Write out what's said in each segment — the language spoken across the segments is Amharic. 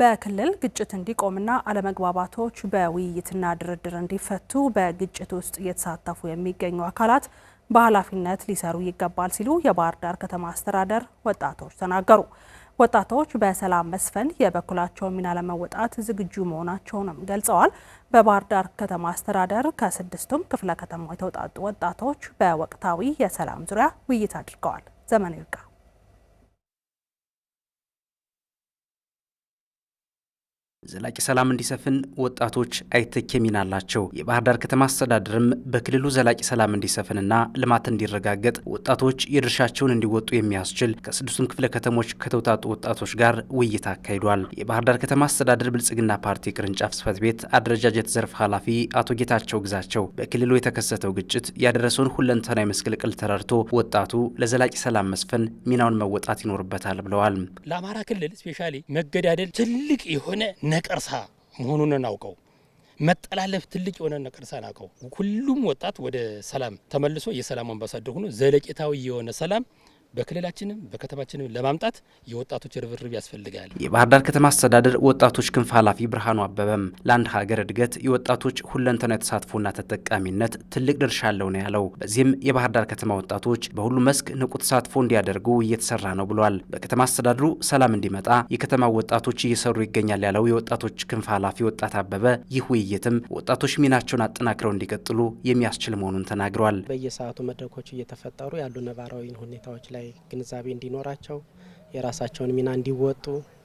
በክልል ግጭት እንዲቆምና አለመግባባቶች በውይይትና ድርድር እንዲፈቱ በግጭት ውስጥ እየተሳተፉ የሚገኙ አካላት በኃላፊነት ሊሰሩ ይገባል ሲሉ የባህር ዳር ከተማ አስተዳደር ወጣቶች ተናገሩ። ወጣቶች በሰላም መስፈን የበኩላቸውን ሚና ለመወጣት ዝግጁ መሆናቸውንም ገልጸዋል። በባህር ዳር ከተማ አስተዳደር ከስድስቱም ክፍለ ከተማ የተውጣጡ ወጣቶች በወቅታዊ የሰላም ዙሪያ ውይይት አድርገዋል። ዘመን ይርጋ ዘላቂ ሰላም እንዲሰፍን ወጣቶች አይተኬ ሚና አላቸው። የባህር ዳር ከተማ አስተዳደርም በክልሉ ዘላቂ ሰላም እንዲሰፍንና ልማት እንዲረጋገጥ ወጣቶች የድርሻቸውን እንዲወጡ የሚያስችል ከስድስቱም ክፍለ ከተሞች ከተውጣጡ ወጣቶች ጋር ውይይት አካሂዷል። የባህር ዳር ከተማ አስተዳደር ብልጽግና ፓርቲ ቅርንጫፍ ጽፈት ቤት አደረጃጀት ዘርፍ ኃላፊ አቶ ጌታቸው ግዛቸው በክልሉ የተከሰተው ግጭት ያደረሰውን ሁለንተናዊ ምስቅልቅል ተረድቶ ወጣቱ ለዘላቂ ሰላም መስፈን ሚናውን መወጣት ይኖርበታል ብለዋል። ለአማራ ክልል ስፔሻሊ መገዳደል ትልቅ የሆነ ነቀርሳ መሆኑን እናውቀው። መጠላለፍ ትልቅ የሆነ ነቀርሳ ናቀው። ሁሉም ወጣት ወደ ሰላም ተመልሶ የሰላም አምባሳደር ሆኖ ዘለቄታዊ የሆነ ሰላም በክልላችንም በከተማችንም ለማምጣት የወጣቶች ርብርብ ያስፈልጋል። የባህር ዳር ከተማ አስተዳደር ወጣቶች ክንፍ ኃላፊ ብርሃኑ አበበም ለአንድ ሀገር እድገት የወጣቶች ሁለንተና የተሳትፎና ተጠቃሚነት ትልቅ ድርሻ አለው ነው ያለው። በዚህም የባህር ዳር ከተማ ወጣቶች በሁሉ መስክ ንቁ ተሳትፎ እንዲያደርጉ እየተሰራ ነው ብሏል። በከተማ አስተዳድሩ ሰላም እንዲመጣ የከተማ ወጣቶች እየሰሩ ይገኛል ያለው የወጣቶች ክንፍ ኃላፊ ወጣት አበበ ይህ ውይይትም ወጣቶች ሚናቸውን አጠናክረው እንዲቀጥሉ የሚያስችል መሆኑን ተናግሯል። በየሰዓቱ መድረኮች እየተፈጠሩ ያሉ ነባራዊ ሁኔታዎች ላይ ላይ ግንዛቤ እንዲኖራቸው የራሳቸውን ሚና እንዲወጡ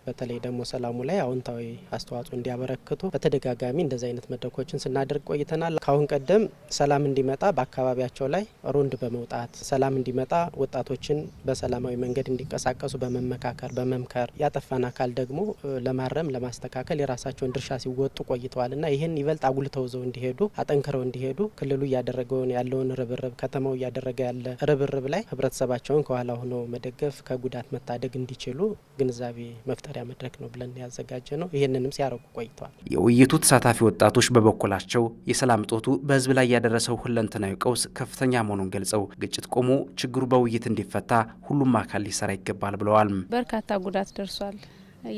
በተለይ ደግሞ ሰላሙ ላይ አዎንታዊ አስተዋጽኦ እንዲያበረክቱ በተደጋጋሚ እንደዚህ አይነት መድረኮችን ስናደርግ ቆይተናል። ካሁን ቀደም ሰላም እንዲመጣ በአካባቢያቸው ላይ ሮንድ በመውጣት ሰላም እንዲመጣ ወጣቶችን በሰላማዊ መንገድ እንዲንቀሳቀሱ በመመካከር በመምከር ያጠፋን አካል ደግሞ ለማረም ለማስተካከል የራሳቸውን ድርሻ ሲወጡ ቆይተዋል እና ይህን ይበልጥ አጉልተው ዘው እንዲሄዱ አጠንክረው እንዲሄዱ ክልሉ እያደረገውን ያለውን ርብርብ ከተማው እያደረገ ያለ ርብርብ ላይ ህብረተሰባቸውን ከኋላ ሆነው መደገፍ ከጉዳት መታደግ እንዲችሉ ግንዛቤ መፍጠር የመረዳዳ መድረክ ነው ብለን ያዘጋጀ ነው። ይህንንም ሲያረጉ ቆይተዋል። የውይይቱ ተሳታፊ ወጣቶች በበኩላቸው የሰላም እጦቱ በህዝብ ላይ ያደረሰው ሁለንተናዊ ቀውስ ከፍተኛ መሆኑን ገልጸው ግጭት ቆሞ ችግሩ በውይይት እንዲፈታ ሁሉም አካል ሊሰራ ይገባል ብለዋል። በርካታ ጉዳት ደርሷል።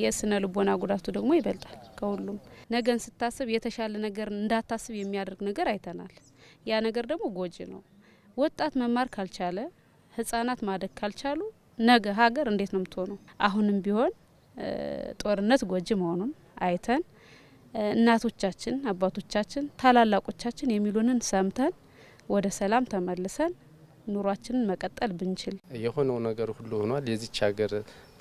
የስነ ልቦና ጉዳቱ ደግሞ ይበልጣል ከሁሉም። ነገን ስታስብ የተሻለ ነገር እንዳታስብ የሚያደርግ ነገር አይተናል። ያ ነገር ደግሞ ጎጂ ነው። ወጣት መማር ካልቻለ፣ ህጻናት ማደግ ካልቻሉ ነገ ሀገር እንዴት ነው የምትሆነው? አሁንም ቢሆን ጦርነት ጎጂ መሆኑን አይተን እናቶቻችን፣ አባቶቻችን፣ ታላላቆቻችን የሚሉንን ሰምተን ወደ ሰላም ተመልሰን ኑሯችንን መቀጠል ብንችል የሆነው ነገር ሁሉ ሆኗል። የዚች ሀገር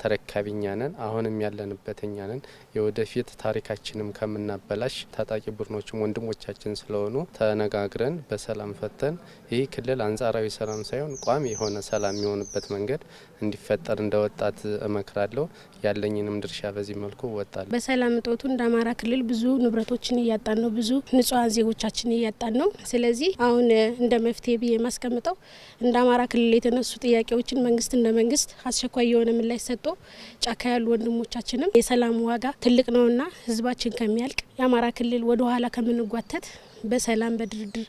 ተረካቢኛነን ነን። አሁንም ያለንበትኛ ነን። የወደፊት ታሪካችንም ከምናበላሽ ታጣቂ ቡድኖችም ወንድሞቻችን ስለሆኑ ተነጋግረን በሰላም ፈተን ይህ ክልል አንጻራዊ ሰላም ሳይሆን ቋሚ የሆነ ሰላም የሚሆንበት መንገድ እንዲፈጠር እንደ ወጣት እመክራለሁ። ያለኝንም ድርሻ በዚህ መልኩ እወጣለሁ። በሰላም እጦቱ እንደ አማራ ክልል ብዙ ንብረቶችን እያጣን ነው። ብዙ ንጹሐን ዜጎቻችን እያጣን ነው። ስለዚህ አሁን እንደ መፍትሄ ብዬ የማስቀምጠው እንደ አማራ ክልል የተነሱ ጥያቄዎችን መንግስት እንደ መንግስት አስቸኳይ የሆነ ምላሽ ሰጥቶ ጫካ ያሉ ወንድሞቻችንም የሰላም ዋጋ ትልቅ ነውና ህዝባችን ከሚያልቅ የአማራ ክልል ወደ ኋላ ከምንጓተት በሰላም በድርድር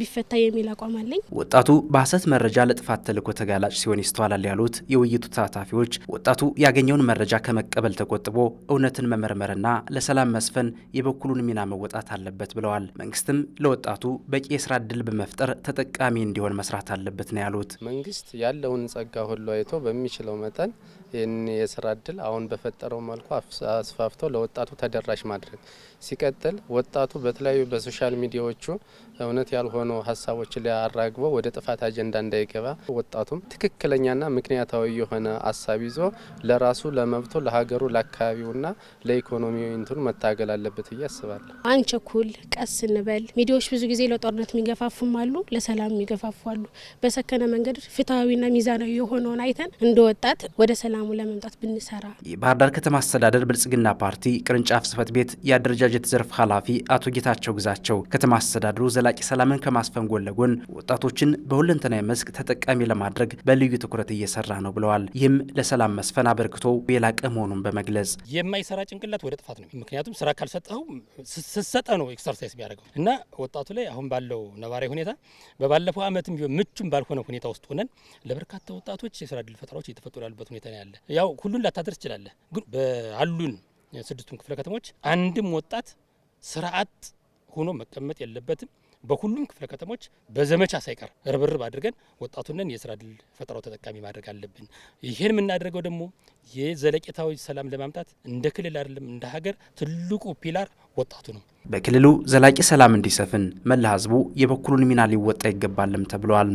ቢፈታ የሚል አቋም አለኝ። ወጣቱ በሀሰት መረጃ ለጥፋት ተልዕኮ ተጋላጭ ሲሆን ይስተዋላል ያሉት የውይይቱ ተሳታፊዎች ወጣቱ ያገኘውን መረጃ ከመቀበል ተቆጥቦ እውነትን መመርመርና ለሰላም መስፈን የበኩሉን ሚና መወጣት አለበት ብለዋል። መንግስትም ለወጣቱ በቂ የስራ እድል በመፍጠር ተጠቃሚ እንዲሆን መስራት አለበት ነው ያሉት። መንግስት ያለውን ጸጋ ሁሉ አይቶ በሚችለው መጠን ይህን የስራ እድል አሁን በፈጠረው መልኩ አስፋፍቶ ለወጣቱ ተደራሽ ማድረግ ሲቀጥል ወጣቱ በተለያዩ በሶሻል ሚዲያዎቹ እውነት ያልሆነ የሆኑ ሀሳቦች ሊያራግበው ወደ ጥፋት አጀንዳ እንዳይገባ ወጣቱም ትክክለኛና ምክንያታዊ የሆነ ሀሳብ ይዞ ለራሱ ለመብቶ ለሀገሩ ለአካባቢውና ለኢኮኖሚ እንትኑ መታገል አለበት ብዬ አስባለሁ። አንቸኩል፣ ቀስ እንበል። ሚዲያዎች ብዙ ጊዜ ለጦርነት የሚገፋፉም አሉ፣ ለሰላም የሚገፋፉ አሉ። በሰከነ መንገድ ፍትሐዊና ሚዛናዊ የሆነውን አይተን እንደ ወጣት ወደ ሰላሙ ለመምጣት ብንሰራ። የባህር ዳር ከተማ አስተዳደር ብልጽግና ፓርቲ ቅርንጫፍ ጽህፈት ቤት የአደረጃጀት ዘርፍ ኃላፊ አቶ ጌታቸው ግዛቸው ከተማ አስተዳደሩ ዘላቂ ሰላምን ከማስፈን ጎን ለጎን ወጣቶችን በሁለንተናዊ መስክ ተጠቃሚ ለማድረግ በልዩ ትኩረት እየሰራ ነው ብለዋል። ይህም ለሰላም መስፈን አበርክቶ የላቀ መሆኑን በመግለጽ የማይሰራ ጭንቅላት ወደ ጥፋት ነው። ምክንያቱም ስራ ካልሰጠው ስሰጠ ነው ኤክሰርሳይዝ ቢያደርገው እና ወጣቱ ላይ አሁን ባለው ነባራዊ ሁኔታ በባለፈው አመትም ቢሆን ምቹም ባልሆነ ሁኔታ ውስጥ ሆነን ለበርካታ ወጣቶች የስራ እድል ፈጠራዎች እየተፈጠሩ ያሉበት ሁኔታ ነው ያለ። ያው ሁሉን ላታደርስ ይችላለ፣ ግን በአሉን ስድስቱም ክፍለ ከተሞች አንድም ወጣት ስራ ሆኖ መቀመጥ የለበትም። በሁሉም ክፍለ ከተሞች በዘመቻ ሳይቀር ርብርብ አድርገን ወጣቱንን የስራ ድል ፈጠራው ተጠቃሚ ማድረግ አለብን። ይህን የምናደርገው ደግሞ የዘለቄታዊ ሰላም ለማምጣት እንደ ክልል አይደለም እንደ ሀገር ትልቁ ፒላር ወጣቱ ነው። በክልሉ ዘላቂ ሰላም እንዲሰፍን መላ ህዝቡ የበኩሉን ሚና ሊወጣ ይገባልም ተብሏል።